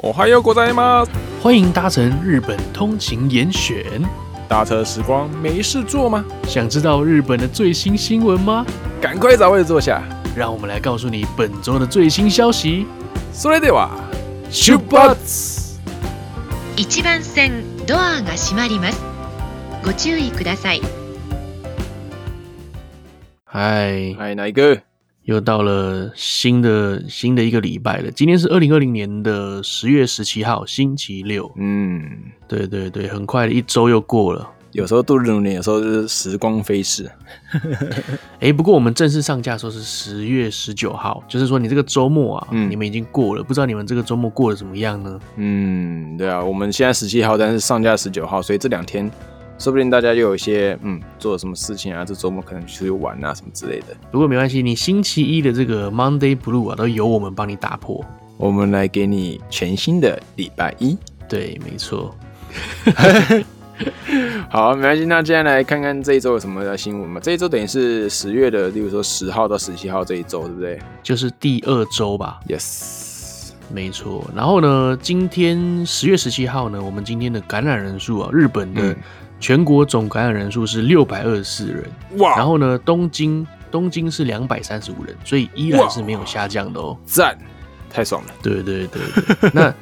おはようございます。歡迎搭乘日本通勤嚴選，搭車時光沒事做嗎？想知道日本的最新新聞嗎？趕快找位置坐下，讓我們來告訴你本周的最新消息。それでは、出発！一番線、ドアが閉まります。ご注意ください。嗨 Hi，嗨，哪個？又到了新的新的一個禮拜了，今天是二零二零年的十月十七號，星期六。嗯，對對對，很快的一周又過了。有時候度日如年，有時候是時光飛逝。哎、 欸，不過我們正式上架的時候是十月十九號，就是說你這個周末啊，嗯、你們已經過了，不知道你們這個周末過得怎麼樣呢？嗯，對啊，我們現在十七號，但是上架十九號，所以這兩天。說不定大家又有一些嗯，做了什麼事情啊？這周末可能出去玩啊，什麼之類的。不過沒關係，你星期一的這個 Monday Blue 啊，都由我們幫你打破。我們來給你全新的禮拜一。對，沒錯。 好，沒關係。那接下來來看看這一周有什麼新聞吧。這一周等於是十月的，例如說十號到十七號這一周，對不對？就是第二周吧。Yes，沒錯。然後呢，今天十月十七號呢，我們今天的感染人數啊，日本的、嗯。全國總感染人數是六百二十四人哇，然後呢，東京東京是兩百三十五人，所以依然是沒有下降的哦、喔，讚，太爽了，對對，對對對， 那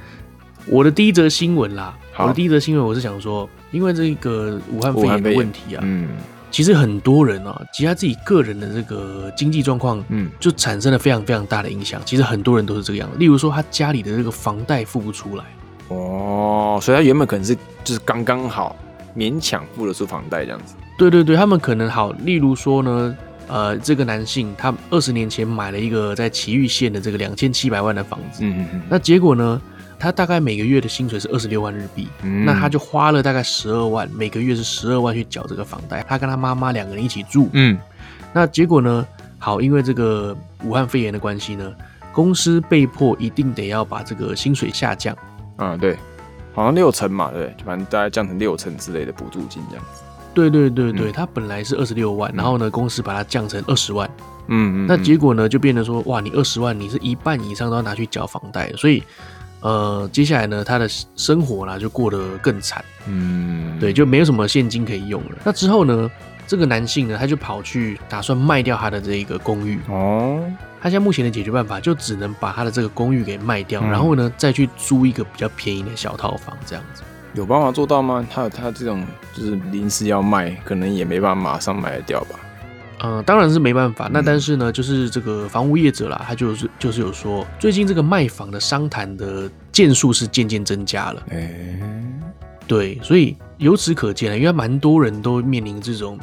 我的第一則新聞啦，我的第一則新聞好我，我是想說，因為這個武漢肺炎的問題啊，嗯，其實很多人哦、啊，其實他自己個人的這個經濟狀況，嗯，就產生了非常非常大的影響。嗯、其實很多人都是這個樣子，例如說他家裡的這個房貸付不出來哦，所以他原本可能是就是剛剛好。勉強付得出房貸這樣子，對對對，他們可能好，例如說呢，呃，這個男性他二十年前買了一個在埼玉縣的這個兩千七百萬的房子，嗯嗯嗯，那結果呢，他大概每個月的薪水是二十六萬日幣，嗯，那他就花了大概十二萬，每個月是十二萬去繳這個房貸，他跟他媽媽兩個人一起住，嗯，那結果呢，好，因為這個武漢肺炎的關係呢，公司被迫一定得要把這個薪水下降，嗯，啊，對。好像六成嘛，對，就反正大概降成六成之類的補助金這樣子。對對對對，嗯、他本來是二十六萬，然後呢，嗯、公司把它降成二十萬。嗯，嗯，嗯那結果呢，就變得說，哇，你二十萬，你是一半以上都要拿去繳房貸，所以，呃，接下來呢，他的生活啦就過得更慘。嗯。對，就沒有什麼現金可以用了。那之後呢，這個男性呢，他就跑去打算賣掉他的這一個公寓。哦。他現在目前的解決辦法就只能把他的這個公寓給賣掉，嗯、然後呢，再去租一個比較便宜的小套房，這樣子有辦法做到嗎？他他這種就是臨時要賣，可能也沒辦法馬上賣得掉吧？呃、嗯，當然是沒辦法。嗯、那但是呢，就是這個房屋業者啦，他就是就是有說，最近這個賣房的商談的件數是漸漸增加了。哎、欸，對，所以由此可見啊，因為蠻多人都面臨這種。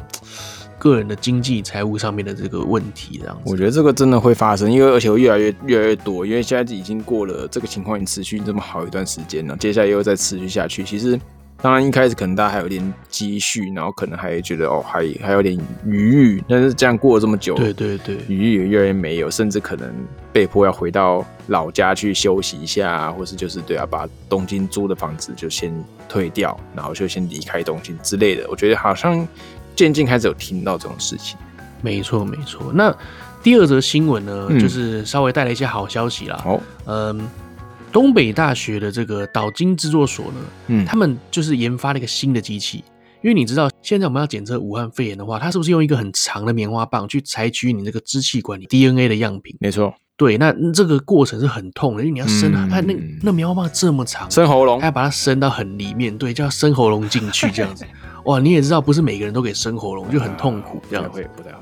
個人的經濟財務上面的這個問題，這樣子我覺得這個真的會發生，因為而且會越來越越來越多，因為現在已經過了這個情況，已經持續這麼好一段時間了，接下來又再持續下去。其實當然一開始可能大家還有點積蓄，然後可能還覺得哦還還有點餘裕，但是這樣過了這麼久，對對對，餘裕也越來越沒有，甚至可能被迫要回到老家去休息一下啊，或是就是對啊，把東京租的房子就先退掉，然後就先離開東京之類的。我覺得好像。現今開始有聽到這種事情，沒錯沒錯。那第二則新聞呢，嗯、就是稍微帶來一些好消息啦。好，嗯、呃，東北大學的這個島津製作所呢，嗯，他們就是研發了一個新的機器。因為你知道，現在我們要檢測武漢肺炎的話，它是不是用一個很長的棉花棒去採取你這個支氣管裡 DNA 的樣品？沒錯。對，那這個過程是很痛的，因為你要伸它，嗯啊、那那那棉花棒這麼長，伸喉嚨，還要把它伸到很裡面，對，叫伸喉嚨進去這樣子。 哇，你也知道，不是每個人都可以伸喉嚨，就很痛苦這樣子。不會，不太會。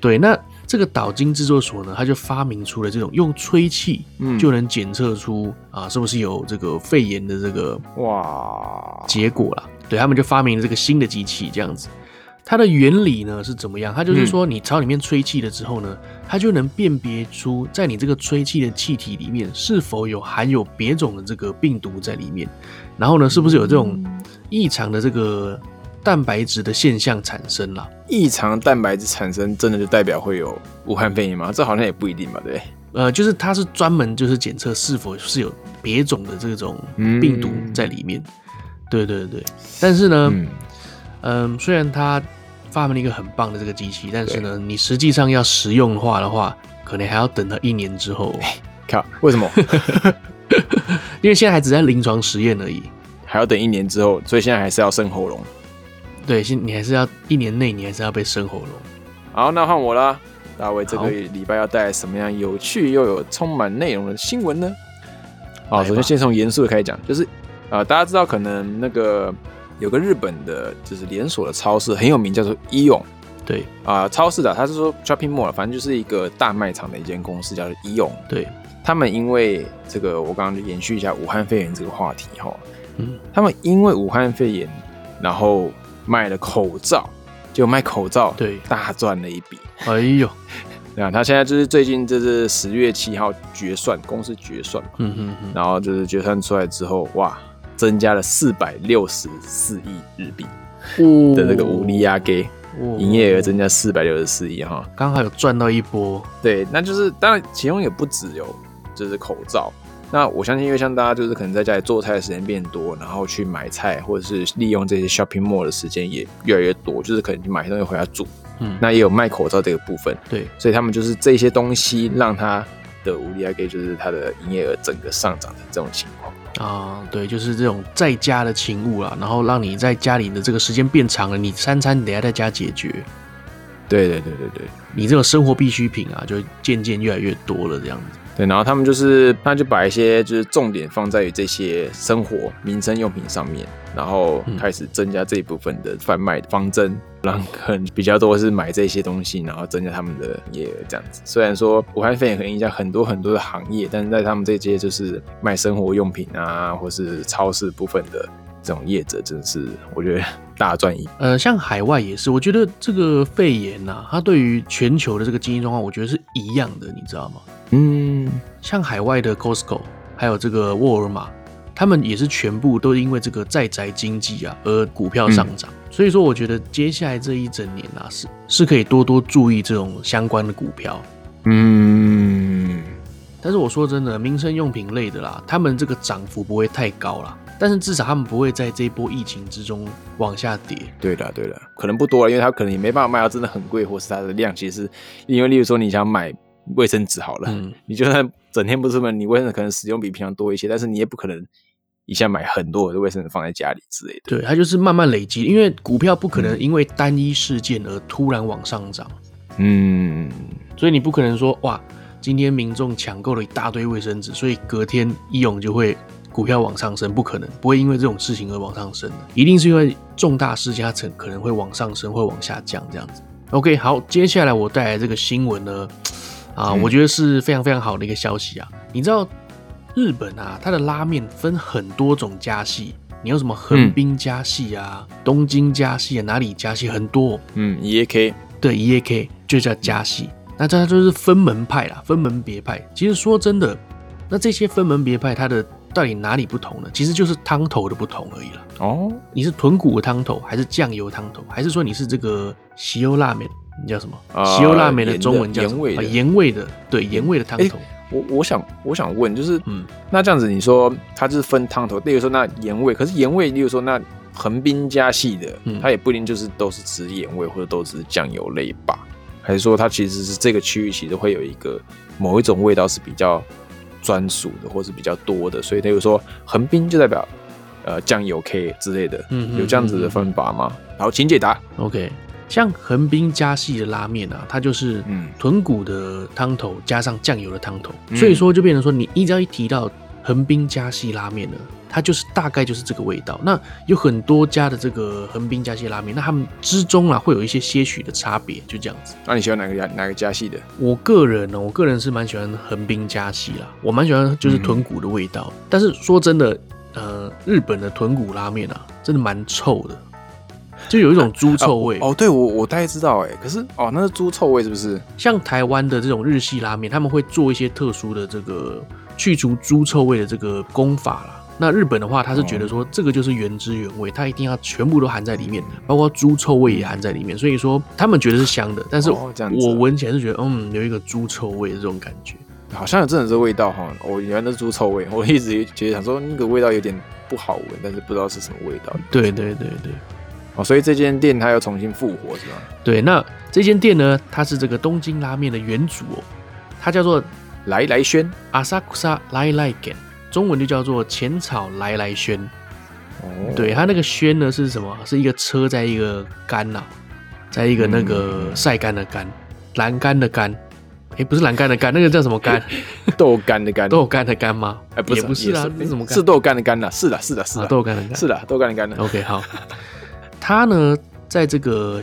對，那這個島津制作所呢，他就發明出了這種用吹氣就能檢測出，嗯，啊，是不是有這個肺炎的這個哇結果啦。哇對，他們就發明了這個新的機器，這樣子。它的原理呢是怎麼樣？它就是說，你朝裡面吹氣了之後呢，嗯、它就能辨別出在你這個吹氣的氣體裡面是否有含有別種的這個病毒在裡面，然後呢，嗯、是不是有這種異常的這個蛋白質的現象產生了？異常蛋白質產生真的就代表會有武漢肺炎嗎？這好像也不一定吧，對？呃，就是它是專門就是檢測是否是有別種的這種病毒在裡面。嗯、對，對對對，但是呢。嗯嗯，雖然他發明了一個很棒的這個機器，但是呢，對你實際上要實用化的話，可能還要等到一年之後，哦。靠，為什麼？ 因為現在還只在臨床實驗而已，還要等一年之後，所以現在還是要生喉嚨。對，現你還是要一年內你還是要被生喉嚨。好，那換我了，大衛，這個禮拜要帶來什麼樣有趣又有充滿內容的新聞呢？好，哦、吧首先先從嚴肅的開始講，就是呃，大家知道可能那個。有個日本的，就是連鎖的超市很有名，叫做イオン。對啊、呃，超市的，他是說 shopping mall，反正就是一個大賣場的一間公司叫做イオン。對，他們因為這個，我剛剛就延續一下武漢肺炎這個話題哈。嗯，他們因為武漢肺炎，然後賣了口罩，就賣口罩，對，大賺了一筆。哎呦，那他 現在就是最近就是十月七號決算，公司決算嘛。嗯哼嗯，然後就是決算出來之後，哇！增加了四百六十四億日幣的這個烏利阿給，營業額增加四百六十四億哈，剛好有賺到一波。對，那就是當然其中也不只有就是口罩。那我相信因為像大家就是可能在家裡做菜的時間變多，然後去買菜或者是利用這些 shopping mall 的時間也越來越多，就是可能去買東西回家煮。嗯，那也有賣口罩這個部分。對，所以他們就是這些東西讓他的烏利阿給，就是他的營業額整個上漲的這種情況。啊，對，就是這種在家的勤務啦，然後讓你在家裡的這個時間變長了，你三餐得要在家解決。對對對對對，你這種生活必需品啊，就漸漸越來越多了，這樣子。對，然後他們就是，他就把一些就是重點放在於這些生活民生用品上面，然後開始增加這一部分的販賣方針，然後可能比較多是買這些東西，然後增加他們的業這樣子。雖然說武漢肺炎可能影響很多很多的行業，但是在他們這些就是賣生活用品啊，或是超市部分的這種業者，真的是我覺得。大轉移，呃，像海外也是，我覺得這個肺炎吶、啊，它對於全球的這個經濟狀況，我覺得是一樣的，你知道嗎？嗯，像海外的 Costco，還有這個沃爾瑪，他們也是全部都因為這個在宅經濟啊而股票上漲，嗯、所以說我覺得接下來這一整年啊，是是可以多多注意這種相關的股票。嗯，但是我說真的，民生用品類的啦，他們這個漲幅不會太高啦。但是至少他們不會在這波疫情之中往下跌。對的，對的，可能不多了，因為它可能也沒辦法賣到真的很貴，或是它的量其實是因為，例如說你想買衛生紙好了，嗯、你就算整天不出門，你衛生紙可能使用比平常多一些，但是你也不可能一下買很多的衛生紙放在家裡之類的。對，它就是慢慢累積，因為股票不可能因為單一事件而突然往上漲。嗯，所以你不可能說哇，今天民眾搶購了一大堆衛生紙，所以隔天一湧就會。股票往上升不可能，不會因為這種事情而往上升的，一定是因為重大事件，它可能會往上升，會往下降這樣子。OK，好，接下來我帶來這個新聞呢，啊，嗯、我覺得是非常非常好的一個消息啊。你知道日本啊，它的拉麵分很多種家系，你有什麼橫濱家系啊，嗯、東京家系啊，哪裡家系很多。嗯，E A K，對，E A K 就叫家系，那它就是分門派啦，分門別派。其實說真的，那這些分門別派，它的。到底哪裡不同呢？其實就是湯頭的不同而已了。哦，你是豚骨湯頭，還是醬油湯頭，還是說你是這個西歐拉麵？你叫什麼？啊、西歐拉麵的中文叫什麼？鹽味的，鹽、啊、味的。對，鹽鹽味的湯頭。欸、我我想我想問，就是嗯，那這樣子，你說它就是分湯頭，例如說那鹽味，可是鹽味，例如說那橫濱家系的，嗯、它也不一定就是都是指鹽味，或者都是醬油類吧？還是說它其實是這個區域，其實會有一個某一種味道是比較？專屬的或是比較多的，所以他就說橫濱就代表，呃醬油 K 之類的，嗯嗯嗯嗯嗯，有這樣子的分法嗎？好，請解答。OK，像橫濱家系的拉麵啊，它就是豚骨的湯頭加上醬油的湯頭，嗯、所以說就變成說你一只要一提到橫濱家系拉麵呢。它就是大概就是這個味道。那有很多家的這個橫濱家系拉麵，那他們之中啊會有一些些許的差別，就這樣子。那、啊、你喜歡哪個家哪個家系的？我個人呢，我個人是蠻喜歡橫濱家系啦，我蠻喜歡就是豚骨的味道。嗯、但是說真的，呃，日本的豚骨拉麵啊，真的蠻臭的，就有一種豬臭味。啊、哦，哦，對我我大概知道哎、欸，可是哦，那是豬臭味是不是？像台灣的這種日系拉麵，他們會做一些特殊的這個去除豬臭味的這個功法啦。那日本的話，他是覺得說這個就是原汁原味，他、哦、一定要全部都含在裡面，包括豬臭味也含在裡面。所以說他們覺得是香的，但是我聞起來是覺得、哦、嗯，有一個豬臭味的這種感覺，好像有真的是味道哈，我、哦、原來那豬臭味，我一直其實想說那個味道有點不好聞，但是不知道是什麼味道。對對對對，哦，所以這間店它要重新復活是吧？對，那這間店呢，它是這個東京拉面的原主哦，它叫做來來軒阿薩克薩來來軒。中文就叫做淺草來來軒，哦，對，它那個軒呢是什麼？是一個車在一個杆吶，在一個那個曬乾的乾，欄杆的杆，哎，不是欄杆的杆，那個叫什麼杆？豆干的干，豆干的干嗎？也不是啦，是什麼？是豆干的干吶？是的，是的，是豆干的干，是的，豆干的干吶。OK，好，它呢，在這個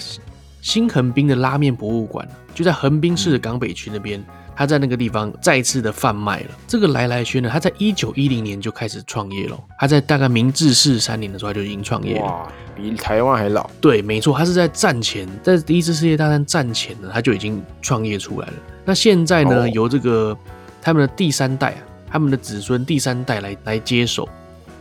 新橫濱的拉面博物館，就在橫濱市的港北區那邊。他在那個地方再次的販賣了這個來來軒呢。他在一九一零年就開始創業了。他在大概明治四三年的時候，他就已經創業了，比台灣還老。對，沒錯，他是在戰前，在第一次世界大戰戰前呢，他就已經創業出來了。那現在呢，由這個他們的第三代啊，他們的子孫第三代來來接手。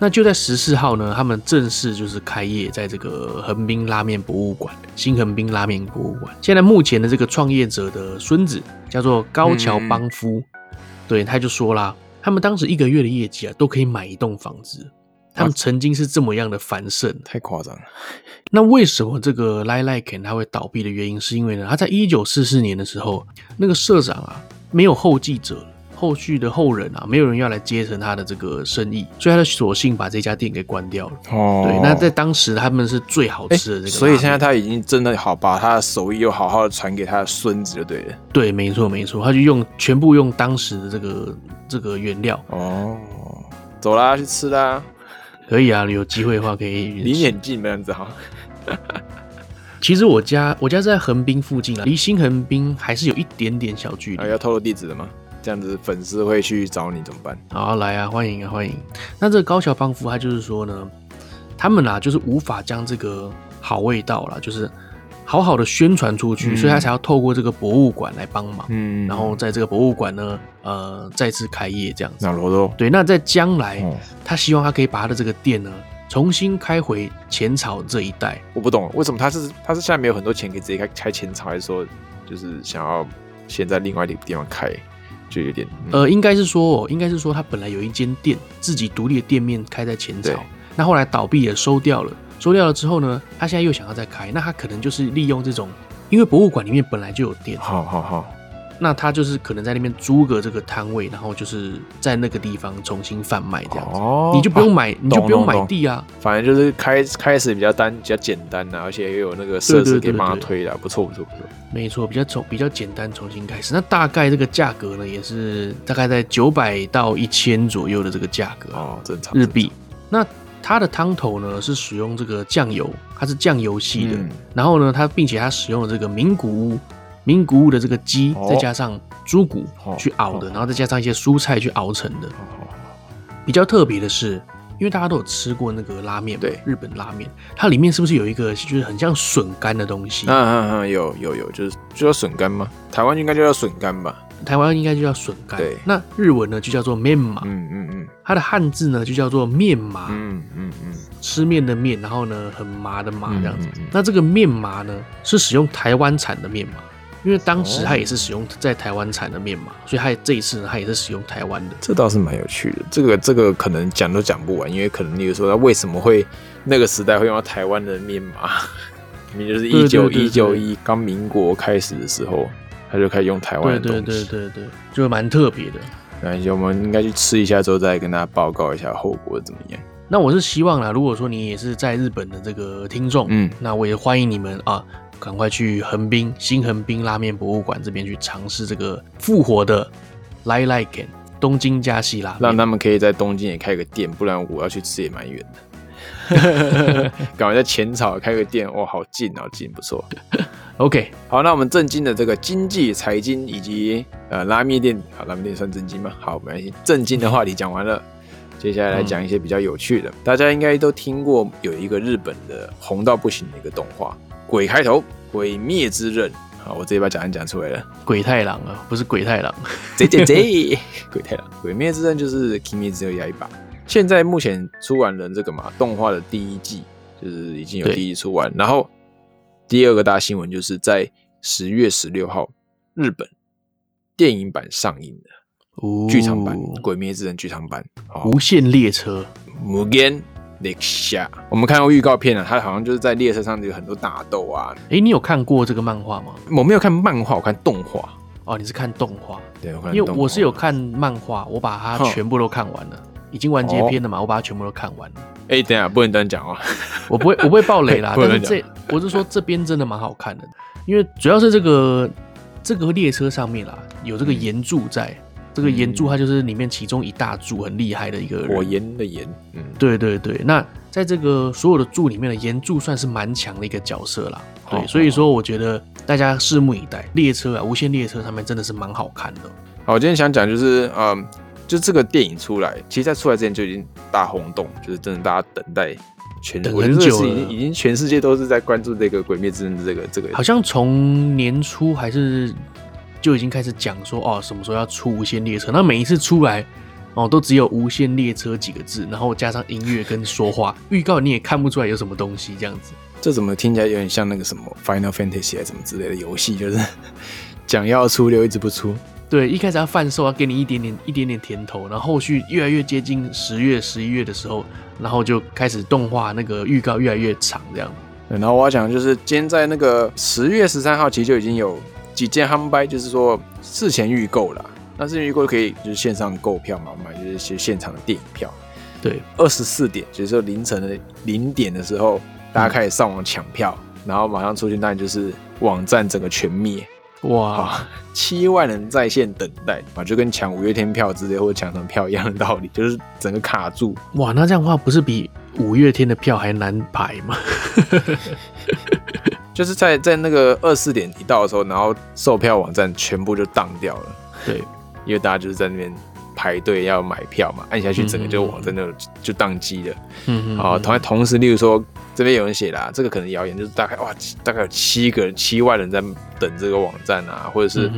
那就在十四號呢，他們正式就是開業在這個橫濱拉麵博物館，新橫濱拉麵博物館。現在目前的這個創業者的孫子。叫做高橋邦夫、嗯，對，他就說啦，他們當時一個月的業績啊，都可以買一棟房子。哇塞。他們曾經是這麼樣的繁盛，太誇張了。那為什麼這個來來軒他會倒閉的原因，是因為呢？他在一九四四年的時候，那個社長啊，沒有後繼者。後續的後人啊，沒有人要來接承他的這個生意，所以他的索性把這家店給關掉了。哦，oh. 對，那在當時他們是最好吃的這個、欸，所以現在他已經真的好把他的手藝又好好的傳給他的孫子了，對，對，沒錯沒錯，他就用全部用當時的這個這個原料。哦，oh. 走啦，去吃啦，可以啊，有機會的話可以離你 近的樣子哈。 其實我家我家在橫濱附近啊，離新橫濱還是有一點點小距離。啊，要透露地址的嗎？這樣子粉絲會去找你怎麼辦？好啊，來啊，歡迎啊，歡迎！那這個高橋芳夫他就是說呢，他們啊就是無法將這個好味道了，就是好好的宣傳出去，嗯、所以他才要透過這個博物館來幫忙。嗯，然後在這個博物館呢，呃，再次開業這樣子。哪羅羅後？對，那在將來，嗯、他希望他可以把他的這個店呢重新開回淺草這一帶。我不懂為什麼他是他是現在沒有很多錢可以直接開開淺草，還是說就是想要先在另外一個地方開？嗯、呃，應該是說，哦，應該是說，他本來有一間店，自己獨立的店面開在淺草，對那後來倒閉也收掉了，收掉了之後呢，他現在又想要再開，那他可能就是利用這種，因為博物館裡面本來就有店。好好好。那他就是可能在那邊租個這個攤位，然後就是在那個地方重新販賣這樣哦，你就不用買，啊、你就不用買地啊。反正就是開開始比較單比較簡單吶、啊，而且也有那個設置給媽推的、啊，不錯不錯不錯。沒錯，比較重比較簡單重新開始。那大概這個價格呢，也是大概在九百到一千左右的這個價格哦，正常、日幣。那它的湯頭呢是使用這個醬油，它是醬油系的，嗯、然後呢它並且它使用了這個名古屋。名古屋的這個雞，再加上豬骨去熬的，然後再加上一些蔬菜去熬成的。比較特別的是，因為大家都有吃過那個拉麵，對，日本拉麵，它裡面是不是有一個就是很像筍乾的東西？嗯嗯嗯，有有有，就是就叫筍乾嗎？台灣應該就叫筍乾吧？台灣應該就叫筍乾。對，那日文呢就叫做麵麻。嗯嗯嗯，嗯嗯，它的漢字呢就叫做麵麻。嗯嗯嗯，嗯嗯，吃麵的麵，然後呢很麻的麻這樣子。嗯嗯嗯、那這個麵麻呢是使用台灣產的麵麻。因為當時他也是使用在台灣產的面嘛、哦、所以他這一次呢，他也是使用台灣的。這倒是蠻有趣的，這個這個可能講都講不完，因為可能你就說他為什麼會那個時代會用到台灣的面嘛，也 就是一九一九一剛民國開始的時候，他就開始用台灣。對對對對對，就蠻特別的。那我們應該去吃一下之後，再跟大家報告一下後果怎麼樣。那我是希望啦，如果說你也是在日本的這個聽眾，嗯，那我也歡迎你們啊。趕快去橫濱，新橫濱拉麵博物館這邊去嘗試這個復活的來來軒，東京加西拉麵，讓他們可以在東京也開個店，不然我要去吃也蠻遠的。趕 快在淺草開個店，哇、哦，好近啊，好近不錯。 OK，好，那我們正經的這個經濟、財經以及呃拉麵店，好，拉麵店算正經嗎？好，我們正經的話題講完了，接下來講一些比較有趣的。嗯、大家應該都聽過有一個日本的紅到不行的一個動畫。鬼開頭，鬼滅之刃。好，我直接把答案講出來了。鬼太郎啊，不是鬼太郎，賊賊賊，鬼太郎，鬼滅之刃就是《鬼滅之刃》下一把。現在目前出完了這個嘛，動畫的第一季就是已經有第一季出完，對然後第二個大新聞就是在十月十六號日本電影版上映的，哦，劇場版《鬼滅之刃》劇場版，好無限列車。Next 我們看到預告片了，啊，它好像就是在列車上有很多打鬥啊。誒、欸，你有看過這個漫畫嗎？我沒有看漫畫，我看動畫。哦，你是看動畫？對，我看動。因為我是有看漫畫，我把它全部都看完了，哼已經完結篇了嘛，哦，我把它全部都看完了。哎，欸，等一下不能這樣講哦，我不會我不會爆雷啦。 不但是這，我是說這邊真的蠻好看的，因為主要是這個這個列車上面啦，有這個岩柱在。嗯這個炎柱，它就是裡面其中一大柱，很厲害的一個人。火炎的炎，嗯，對對對。那在這個所有的柱裡面的炎柱，算是蠻強的一個角色啦。對，所以說我覺得大家拭目以待。列車啊，無限列車上面真的是蠻好看的。好，我今天想講就是，嗯，就這個電影出來，其實在出來之前就已經大轟動，就是真的大家等待，全真的是已經已經全世界都是在關注這個鬼滅之刃這個這個，好像從年初還是。就已經開始講說哦，什麼時候要出無限列車？那每一次出來哦，都只有“無限列車”幾個字，然後加上音樂跟說話預告，你也看不出來有什麼東西。這樣子，這怎麼聽起來有點像那個什麼《Final Fantasy》啊什麼之類的遊戲，就是講要出就一直不出。對，一開始要販售，要給你一點點一點點甜頭，然後後續越來越接近十月、十一月的時候，然後就開始動畫那個預告越來越長這樣。對，然後我要講就是，今天在那個十月十三號其實就已經有。幾件 h a m b 就是說事前預購了，那事前預購可以就是線上購票嘛，嘛，買就是一些現場的電影票。對，二十四點就是凌晨的零點的時候，大家開始上網搶票，嗯、然後馬上出現，當然就是網站整個全滅。哇，七萬人在線等待啊，就跟搶五月天票之類或者搶成票一樣的道理，就是整個卡住。哇，那這樣的話不是比五月天的票還難排嗎？ 就是在在那個二四點一到的時候，然後售票網站全部就當掉了。對， 因為大家就是在那邊排隊要買票嘛，按下去整個就網站就、嗯嗯嗯、就當機了。嗯嗯。啊，同同時，例如說這邊有人寫啦，這個可能謠言，就是大概哇，大概有七個人七萬人在等這個網站啊，或者是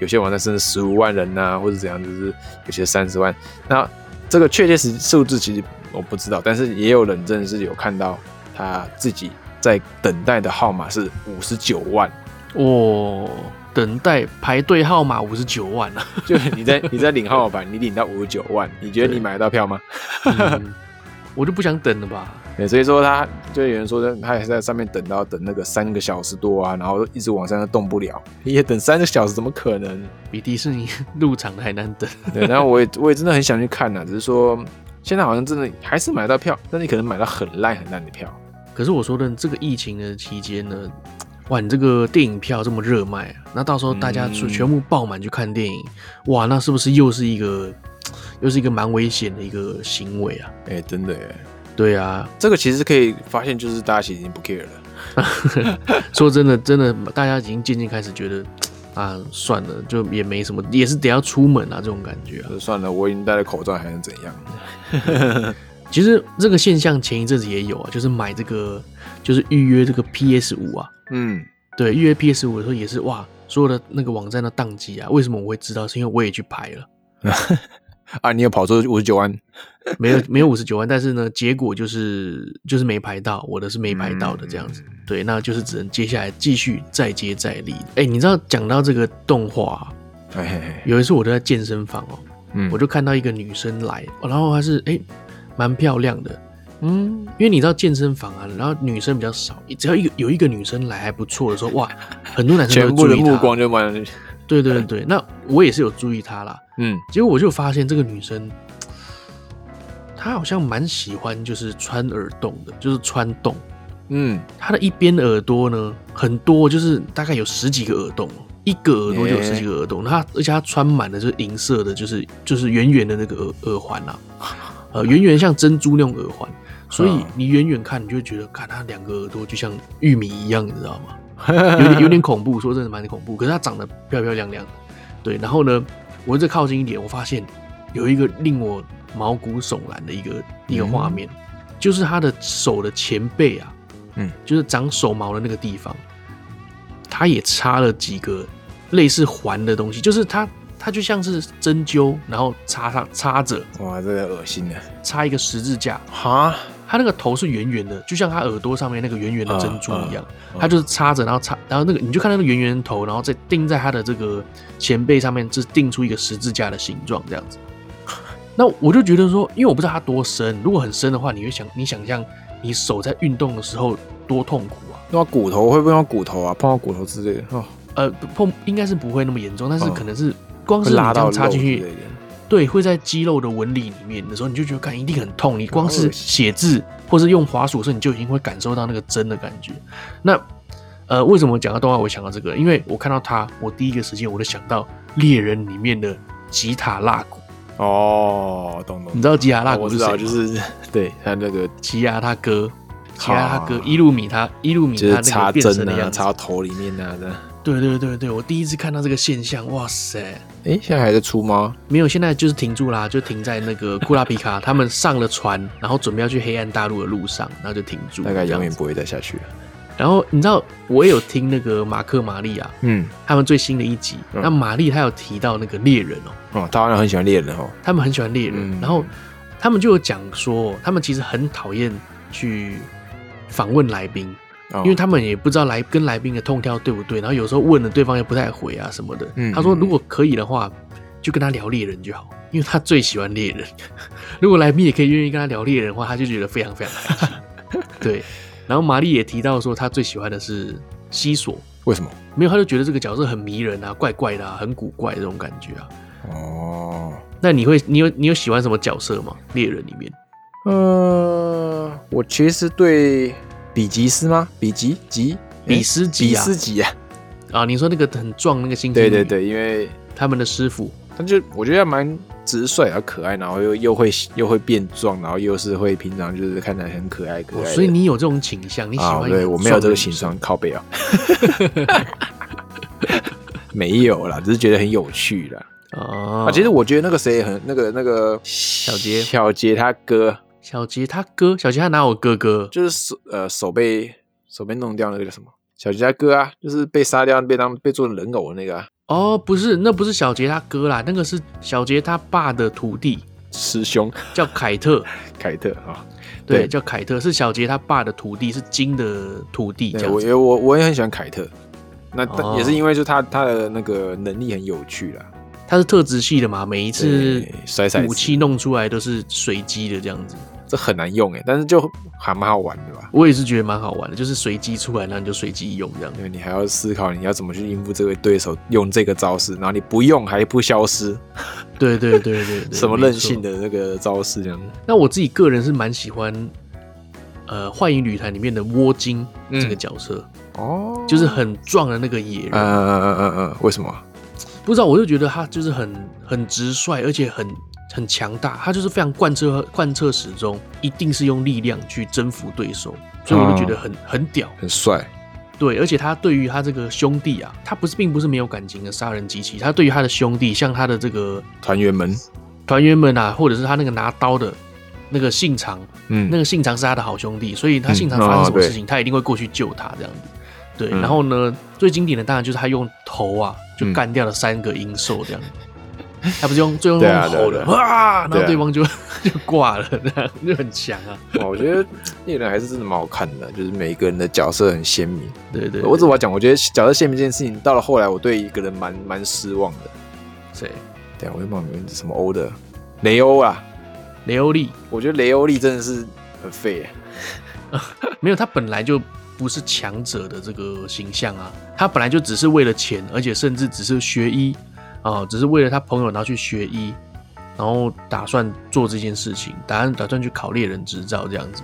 有些網站甚至十五萬人吶、啊，或者是怎樣，就是有些三十萬。那這個確切數數字其實我不知道，但是也有人真的是有看到他自己。在等待的號碼是五十九萬哦，oh, 等待排隊號碼五十九萬啊。 就你在你在領號碼牌，你領到五十九萬，你覺得你買得到票嗎？ 嗯、我就不想等了吧。對，所以說他就有人說他也在上面等到等那個三個小時多啊，然後一直往上都動不了，也等三個小時，怎麼可能比迪士尼入場還難等？ 對，然後我也我也真的很想去看呢、啊，只是說現在好像真的還是買到票，但是你可能買到很爛很爛的票。可是我說的這個疫情的期間呢，哇，你這個電影票這麼熱賣啊，那到時候大家全全部爆滿去看電影，嗯、哇，那是不是又是一個又是一個蠻危險的一個行為啊？哎、欸，真的耶，對啊，這個其實可以發現，就是大家現在已經不 care 了。 說真的，真的，大家已經漸漸開始覺得 啊，算了，就也沒什麼，也是得要出門啊，這種感覺啊，算了，我已經戴了口罩，還能怎樣？ 其實這個現象前一陣子也有啊，就是買這個，就是預約這個 PS 五啊。嗯，對，預約 PS 五的時候也是，哇，所有的那個網站都宕機啊。為什麼我會知道？是因為我也去排了啊。你有跑出五十九萬？沒有，沒有五十九萬，但是呢，結果就是就是沒排到，我的是沒排到的這樣子。嗯、對，那就是只能接下來繼續再接再厲。哎，你知道講到這個動畫、啊，嘿嘿嘿，有一次我就在健身房哦，嗯、我就看到一個女生來，然後她是哎。誒蠻漂亮的，嗯，因為你知道健身房啊，然後女生比較少，只要一，有一個女生來，還不錯的時候，哇，很多男生都全部的目光就滿，對對對， 那我也是有注意她啦。嗯，結果我就發現這個女生，她好像蠻喜歡就是穿耳洞的，就是穿洞，嗯，她的一邊耳朵呢很多，就是大概有十幾個耳洞，一個耳朵就有十幾個耳洞，她、欸、而且她穿滿了、就是，就是銀色的，就是就是圓圓的那個耳耳環啊。呃，遠遠像珍珠那種耳環，哦、所以你遠遠看你就會覺得，看它兩個耳朵就像玉米一樣，你知道嗎？有點有點恐怖，說真的蠻恐怖。可是它長得漂漂亮亮的，對。然後呢，我再靠近一點，我發現有一個令我毛骨悚然的一個、嗯、一個畫面，就是它的手的前背啊，嗯，就是長手毛的那個地方，它也插了幾個類似環的東西，就是它。它就像是針灸，然後插上插着，插哇，這個惡心的，插一個十字架，哈蛤，它那個頭是圓圓的，就像它耳朵上面那個圓圓的珍珠一樣，啊啊、它就是插着，然後插，然後那個你就看那個圓圓的頭，然後再釘在它的這個前背上面，就釘出一個十字架的形狀這樣子。那我就覺得說，因為我不知道它多深，如果很深的話，你會想，你想象你手在運動的時候多痛苦啊，碰到骨頭會不會碰到骨頭啊，碰到骨頭之類的哦，呃，碰應該是不會那麼嚴重，但是可能是。嗯光是這樣插進去，對，會在肌肉的紋理裡面的時候，你就覺得看一定很痛。你光是寫字或是用滑鼠時，你就已經會感受到那個針的感覺。那，呃，為什麼講到動畫我想到這個？因為我看到他，我第一個時間我就想到《獵人》裡面的吉塔剌古。哦，懂懂。你知道吉塔剌古是誰嗎？哦、知道，就是對他那個吉牙他哥，吉牙他哥伊路米他，伊路米他是插那個變針的樣插到頭裡面啊的。樣對對對對，我第一次看到這個現象，哇塞！哎，現在還在出嗎？沒有，現在就是停住啦、啊，就停在那個庫拉皮卡 他們上了船，然後準備要去黑暗大陸的路上，然後就停住，大概永遠不會再下去了。然後你知道我也有聽那個馬克瑪麗啊嗯，他們最新的一集，嗯、那瑪麗她有提到那個獵人哦，哦，他好像很喜歡獵人哦，他們很喜歡獵人，嗯、然後他們就有講說，他們其實很討厭去訪問來賓。因為他們也不知道來跟來賓的通跳對不對，然後有時候問了對方又不太回啊什麼的。他說如果可以的話，就跟他聊獵人就好，因為他最喜歡獵人。如果來賓也可以願意跟他聊獵人的話，他就覺得非常非常好 對，然後瑪麗也提到說，他最喜歡的是西索。為什麼？沒有，他就覺得這個角色很迷人啊，怪怪的啊，很古怪這種感覺啊。哦，那你會，你有你有喜歡什麼角色嗎？獵人裡面？嗯、呃，我其實對。比吉斯嗎？比吉吉，比斯吉，比斯吉啊。啊，啊，你說那個很壯那個星，星？對對對，因為他們的師傅，他就我覺得蠻直率，啊，而可愛，然後又又會又會變壯，然後又是會平常就是看起來很可愛可愛的。哦。所以你有這種傾向，你喜歡？啊對，我沒有這個形象靠背哦，啊。 沒有啦，只，就是覺得很有趣啦。哦。啊，其實我覺得那個誰很那個那個小傑，小傑他哥。小杰他哥，小杰他哪有哥哥？就是手呃手被手被弄掉的那個什麼？小杰他哥啊，就是被殺掉被他們被做人偶的那個、啊？哦，不是，那不是小杰他哥啦，那個是小杰他爸的徒弟，師兄叫凱特，凱 特啊，哦，對，對叫凱特，是小杰他爸的徒弟，是金的徒弟。我也我我也很喜歡凱特，那、哦、也是因為就他他的那個能力很有趣啦，他是特質系的嘛，每一次武器弄出來都是隨機的這樣子。這很難用哎，但是就還蠻好玩的吧？我也是覺得蠻好玩的，就是隨機出來，那你就隨機用這樣。因為你還要思考你要怎麼去應付這位對手用這個招式，然後你不用還不消失。對對，對對對對， 什麼任性的那個招式這樣？那我自己個人是蠻喜歡，呃，《幻影旅團》裡面的窩金這個角色哦，嗯 oh. 就是很壯的那個野人。嗯嗯嗯嗯嗯，為什麼？不知道，我就覺得他就是很很直率，而且很，很強大，他就是非常貫徹貫徹始終，一定是用力量去征服對手，所以我就覺得很、嗯哦、很屌，很帥。對，而且他對於他這個兄弟啊，他不是並不是沒有感情的殺人機器，他對於他的兄弟，像他的這個團員們，團員們啊，或者是他那個拿刀的那個信長，嗯，那個信長是他的好兄弟，所以他信長發生什麼事情，嗯哦、他一定會過去救他這樣子對。然後呢，嗯、最經典的當然就是他用頭啊就幹掉了三個陰獸這樣。他不是用，最後用跑了，哇、啊啊！然後對方就對、啊、就掛了，就很強啊。我覺得那人還是真的蠻好看的，就是每個人的角色很鮮明。對對，對對，我怎麼講，我覺得角色鮮明這件事情，到了後來，我對一個人蠻蠻失望的。誰誰？對啊，我忘了名字什麼歐的雷歐啊，雷歐力。我覺得雷歐力真的是很廢、啊， 沒有他本來就不是強者的這個形象啊，他本來就只是為了錢，而且甚至只是學醫。啊，只是為了他朋友，然後去學醫，然後打算做這件事情，打算打算去考獵人執照這樣子。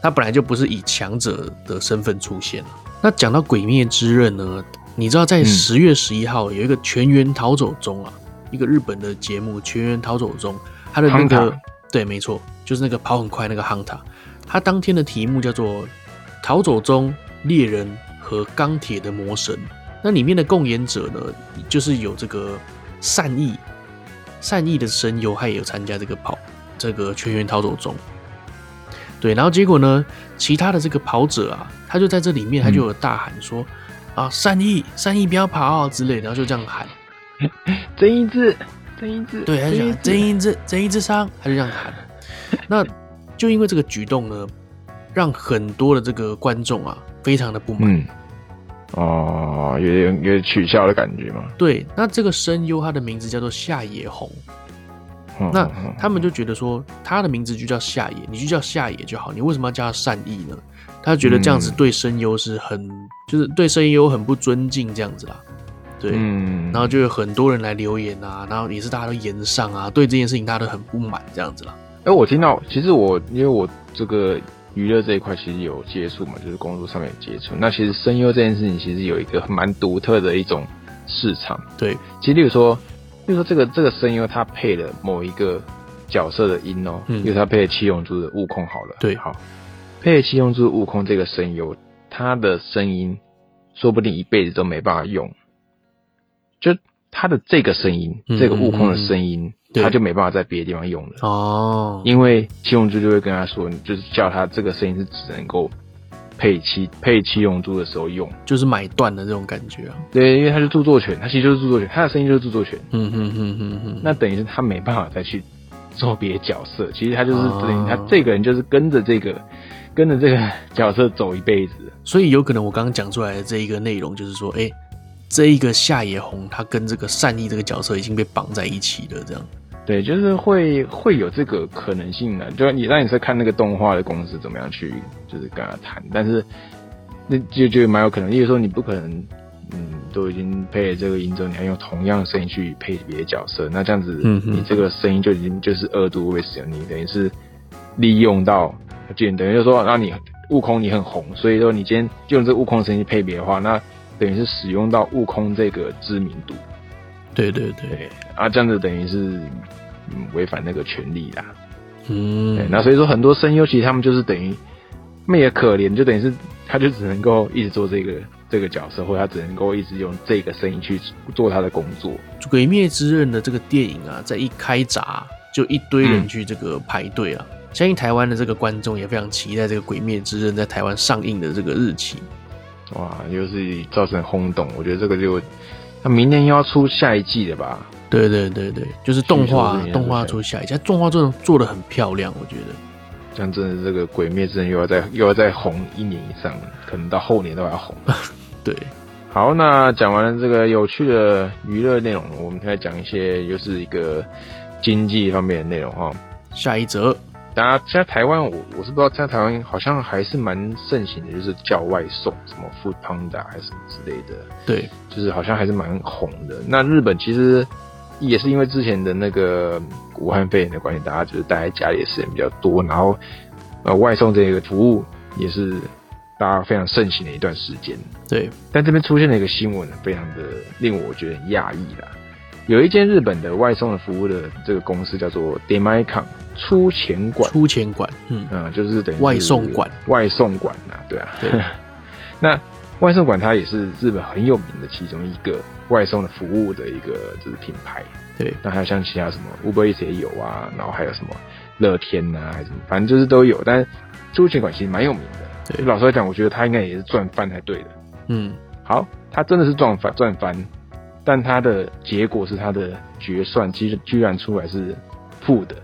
他本來就不是以強者的身份出現，那講到《鬼滅之刃》呢？你知道在十月十一號有一個《全員逃走中》啊，一個日本的節目《全員逃走中》，他的那個對，沒錯，就是那個跑很快那個 hunter，他當天的題目叫做《逃走中獵人和鋼鐵的魔神》。那裡面的共演者呢，就是有這個善逸，善逸的聲優，他也有參加這個跑，這個全員逃走中。對，然後結果呢，其他的這個跑者啊，他就在這裡面，他就有大喊說：“嗯、啊，善逸，善逸，不要跑，哦”之類的，然後就這樣喊，曾一智曾一智，對，他就講曾一智，曾一智傷，他就這樣喊。呵呵，那就因為這個舉動呢，讓很多的這個觀眾啊，非常的不滿。嗯哦，有點有點取笑的感覺嘛。對，那這個聲優他的名字叫做下野紘，哦、那他們就覺得說他的名字就叫下野，你就叫下野就好，你為什麼要叫他善逸呢？他覺得這樣子對聲優是很，嗯、就是對聲優很不尊敬這樣子啦。對，嗯、然後就有很多人來留言啊，然後也是大家都炎上啊，對這件事情大家都很不滿這樣子啦。哎、欸，我聽到，其實我因為我這個。娛樂這一塊其實有接觸嘛，就是工作上面有接觸。那其實聲優這件事情其實有一個蠻獨特的一種市場。對，其實例如說，例如說這個這個聲優他配了某一個角色的音哦、喔，嗯，因為他配了《七龍珠》的悟空，好了，對，好，配了《七龍珠》悟空這個聲優，他的聲音說不定一輩子都沒辦法用，就。他的這個聲音，這個悟空的聲音，嗯嗯嗯，他就沒辦法在別的地方用了哦。因為七龍珠就會跟他說，你就是叫他這個聲音是只能夠配七配七龍珠的時候用，就是買斷的這種感覺啊。對，因為他是著作權，他其實就是著作權，他的聲音就是著作權。嗯嗯嗯嗯嗯。那等於是他沒辦法再去做別的角色，其實他就是等於、哦、他這個人就是跟着這個跟着這個角色走一輩子。所以有可能我剛剛講出來的這一個內容，就是說，哎、欸。這一個下野紘，他跟這個善逸這個角色已經被綁在一起了，這樣。對，就是會會有這個可能性的。就你那你是看那個動畫的公司怎麼樣去，就是跟他談，但是那就就，就蠻有可能。例如說你不可能，嗯，都已經配了這個音之後，你還用同樣的聲音去配別的角色，那這樣子，嗯，你這個聲音就已經就是二度 voice，你等於是利用到，就等於就是說，那你悟空你很紅，所以說你今天用這個悟空的聲音去配別的話，那。等於是使用到悟空這個知名度，對對對，啊，這樣子等於是嗯、違反那個權利啦，嗯，那所以說很多聲優其實他們就是等於，沒也可憐，就等於是他就只能夠一直做這個這個角色，或者他只能夠一直用這個聲音去做他的工作。《鬼滅之刃》的這個電影啊，在一開閘就一堆人去這個排隊啊，嗯、相信台灣的這個觀眾也非常期待這個《鬼滅之刃》在台灣上映的這個日期。哇，又是造成轟動，我覺得這個就，那明年又要出下一季了吧？對對對對，就是動畫，細細動畫出下一季，他動畫真的做的很漂亮，我覺得。像真的這個《鬼滅之刃》又要再又要再紅一年以上，可能到後年都要紅。 對，好，那講完了這個有趣的娛樂內容，我們再講一些又是一個經濟方面的內容哈。下一則。大家現在台灣，我我是不知道。在台灣好像還是蠻盛行的，就是叫外送，什麼 food panda 還是什麼之類的。對，就是好像還是蠻紅的。那日本其實也是因為之前的那個武漢肺炎的關係，大家就是待在家裡的時間比較多，然後呃外送這個服務也是大家非常盛行的一段時間。對，但這邊出現了一個新聞，非常的令我覺得很訝異啦。有一間日本的外送的服務的這個公司叫做 Demae-can。出前館，嗯、出前館，嗯，嗯，就是等於外送館、啊，外送館吶、啊，對啊。對 那外送館它也是日本很有名的其中一個外送的服務的一個就是品牌，對。那還有像其他什麼 Uber Eats 也有啊，然後還有什麼樂天吶、啊，還是什麼，反正就是都有。但是出前館其實蠻有名的，對老實來講，我覺得他應該也是賺翻才對的。嗯，好，他真的是賺翻賺翻，但他的結果是他的決算其實居，居然出來是負的。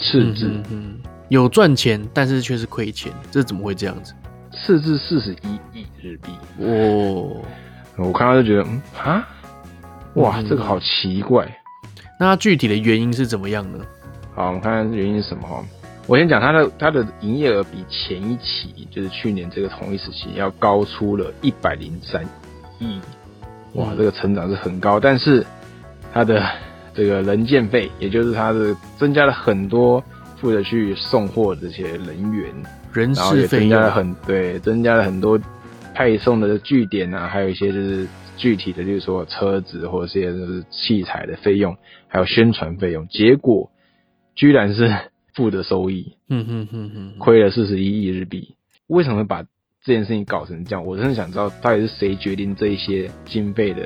赤字，嗯哼哼，有賺錢，但是卻是虧錢，這怎麼會這樣子？赤字四十一億日幣，我、哦、我看他就覺得，嗯啊，哇，嗯、哼這個好奇怪。那它具體的原因是怎麼樣呢？好，我們看看原因是什麼。我先講它的它的營業額比前一期，就是去年這個同一時期，要高出了一百零三億，哇，這個成長是很高，但是它的。這個人件費，也就是他的增加了很多負責去送貨這些人員，人事費用，然後也增加了很對，增加了很多派送的據點啊，還有一些就是具體的，就是說車子或者一些就是器材的費用，還有宣傳費用。結果居然是負的收益，嗯哼哼哼，虧了四十一億日幣。為什麼會把這件事情搞成這樣？我真的想知道到底是誰決定這一些經費的。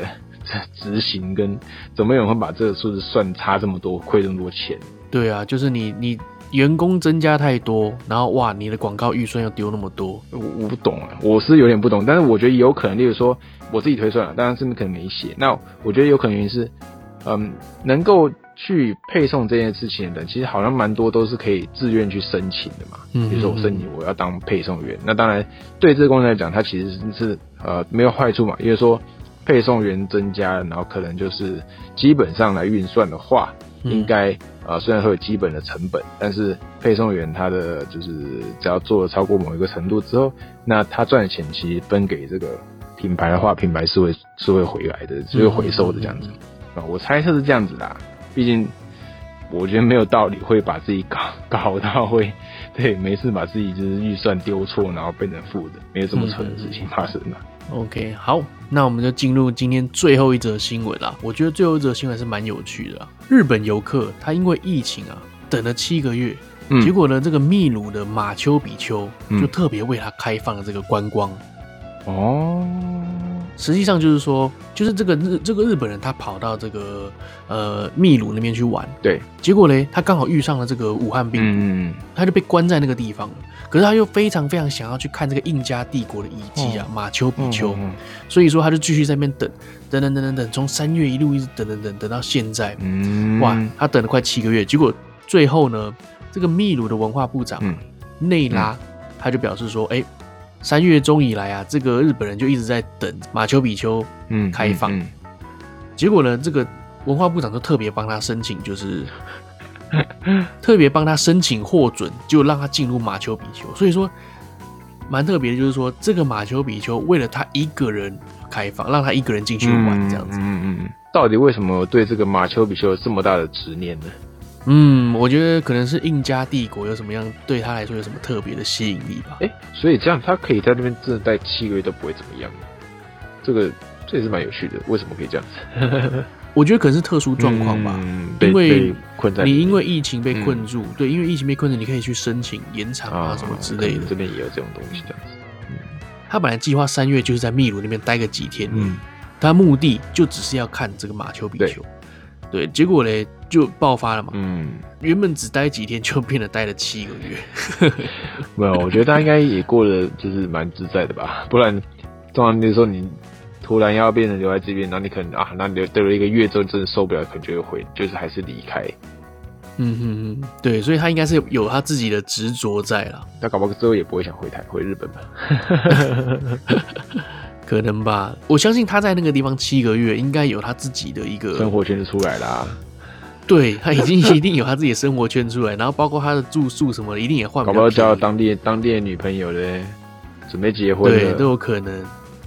執行跟怎麼有人會把這個數字算差這麼多，虧這麼多錢？對啊，就是你你員工增加太多，然後哇，你的廣告預算又丟那麼多，我我不懂啊，我是有點不懂，但是我覺得有可能，例如說我自己推算了，當然上面可能沒寫。那我覺得有可能是，嗯，能夠去配送這件事情的人，其實好像蠻多都是可以自願去申請的嘛。嗯，嗯，比如說我申請我要當配送員，那當然對這個公司來講，它其實是呃沒有壞處嘛，因為說。配送員增加，然後可能就是基本上來運算的話，嗯、應該呃雖然會有基本的成本，但是配送員他的就是只要做了超過某一個程度之後，那他賺的錢其實分給這個品牌的話，品牌是會是會回來的，是會回收的這樣子。啊、嗯，嗯嗯、我猜測是這樣子的、啊，畢竟我覺得沒有道理會把自己搞搞到會，對，沒事把自己就是預算丟錯，然後變成負的，沒有這麼蠢的事情發生的。嗯嗯 OK，好，那我們就進入今天最後一則新聞啦。我覺得最後一則新聞是蠻有趣的啊，日本遊客他因為疫情啊，等了七個月，嗯，結果呢，這個秘魯的馬丘比丘就特別為他開放了這個觀光。嗯，哦。實際上就是說，就是這個日這個日本人，他跑到這個呃秘魯那邊去玩，對，結果呢，他剛好遇上了這個武漢病毒，嗯、他就被關在那個地方，可是他又非常非常想要去看這個印加帝國的遺跡啊，哦、馬丘比丘，嗯嗯嗯、所以說他就繼續在那邊等，等等等等等，從三月一路一直等等等等，等到現在，嗯、哇，他等了快七個月，結果最後呢，這個秘魯的文化部長內、嗯、拉、嗯、他就表示說，哎、欸。三月中以來啊，這個日本人就一直在等馬丘比丘嗯開放，嗯嗯嗯、結果呢，這個文化部長就特別幫他申請，就是 特別幫他申請獲准，就讓他進入馬丘比丘。所以說，蠻特別的就是說，這個馬丘比丘為了他一個人開放，讓他一個人進去玩這樣子。嗯嗯，嗯，到底為什麼對這個馬丘比丘有這麼大的執念呢？嗯，我覺得可能是印加帝國有什麼樣，對他來說有什麼特別的吸引力吧。哎、欸，所以這樣他可以在那邊真的待七個月都不會怎麼樣、啊。這個這也是蠻有趣的，為什麼可以這樣子？ 我覺得可能是特殊狀況吧。嗯、因為困在你因為疫情被困住，嗯、對，因為疫情被困住，你可以去申請延長啊什麼之類的。啊、這邊也有這種東西，這樣子。嗯、他本來計劃三月就是在秘魯那邊待個幾天，嗯，嗯，他目的就只是要看這個馬丘比丘，對，對，結果咧？就爆發了嘛。嗯，原本只待幾天，就變得待了七個月。 沒有，我覺得他應該也過得就是蠻自在的吧。不然，通常那時候你突然要變成留在這邊，那你可能啊，那你待了一個月之後真的受不了，可能就會回就是還是離開。嗯哼，哼，哼，對，所以他應該是有他自己的執着在了。那搞不好之後也不會想回台回日本吧？ 可能吧。我相信他在那個地方七個月，應該有他自己的一個生活圈出來啦、啊。 對，他已經一定有他自己的生活圈出來，然後包括他的住宿什麼的，一定也換。搞不好交當地的當地的女朋友嘞，準備結婚，對，都有可能。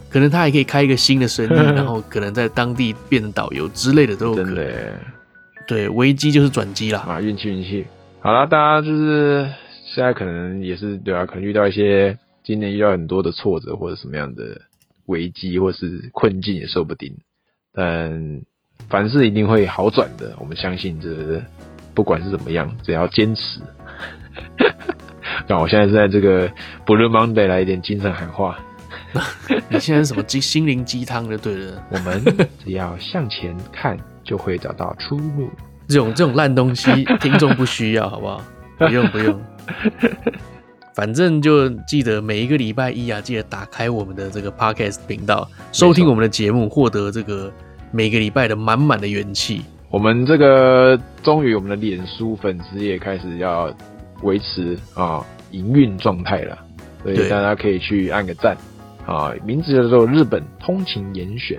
可能他還可以開一個新的生意， 然後可能在當地變成導遊之類的都有可能。對，危機就是轉機啦。啊，運氣運氣。好了，大家就是現在可能也是對吧、啊？可能遇到一些今年遇到很多的挫折或者什麼樣的危機或者是困境也說不定。但。凡事一定會好轉的，我們相信，這不管是怎麼樣，只要堅持。那、啊、我現在是在這個 Blue Monday 來一點精神喊話，你現在是什麼雞心靈雞湯的？對的，我們只要向前看，就會找到出路。這種這種爛東西，聽眾不需要，好不好？不用不用，反正就記得每一個禮拜一啊，記得打開我們的這個 Podcast 頻道，收聽我們的節目，沒錯。獲得這個。每個禮拜的滿滿的元氣，我們這個終於，終於我們的臉書粉絲也開始要維持啊營運狀態了，所以大家可以去按個贊啊對、喔，名字叫做日本通勤嚴選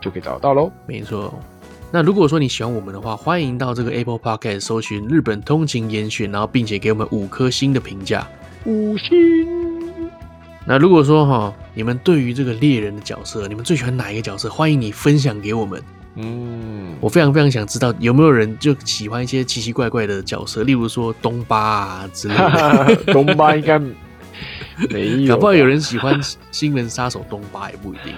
就可以找到嘍。沒錯，那如果說你喜歡我們的話，歡迎到這個 Apple Podcast 搜尋日本通勤嚴選，然後並且給我們五顆星的評價，五星。那如果說哈。喔你們對於這個獵人的角色，你們最喜歡哪一個角色？歡迎你分享給我們。嗯，我非常非常想知道有沒有人就喜歡一些奇奇怪怪的角色，例如說東巴啊之類的。哈哈，東巴應該沒有。啊，不知道有人喜歡新人殺手東巴也不一定。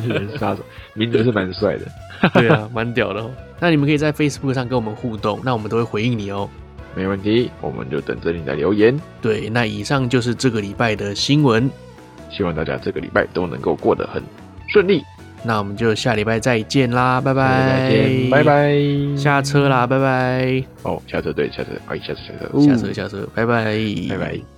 新人殺手名字是蠻帥的，對啊，蠻屌的哦。那你們可以在 Facebook 上跟我們互動，那我們都會回應你哦。沒問題，我們就等着你的留言。對，那以上就是這個禮拜的新聞。希望大家這個禮拜都能夠過得很順利，那我們就下禮拜再見啦，拜拜，下禮拜再見，拜拜，下車啦，拜拜，哦，下車對，下車，哎，下車，下車，嗯、下車，下車，拜拜，拜拜。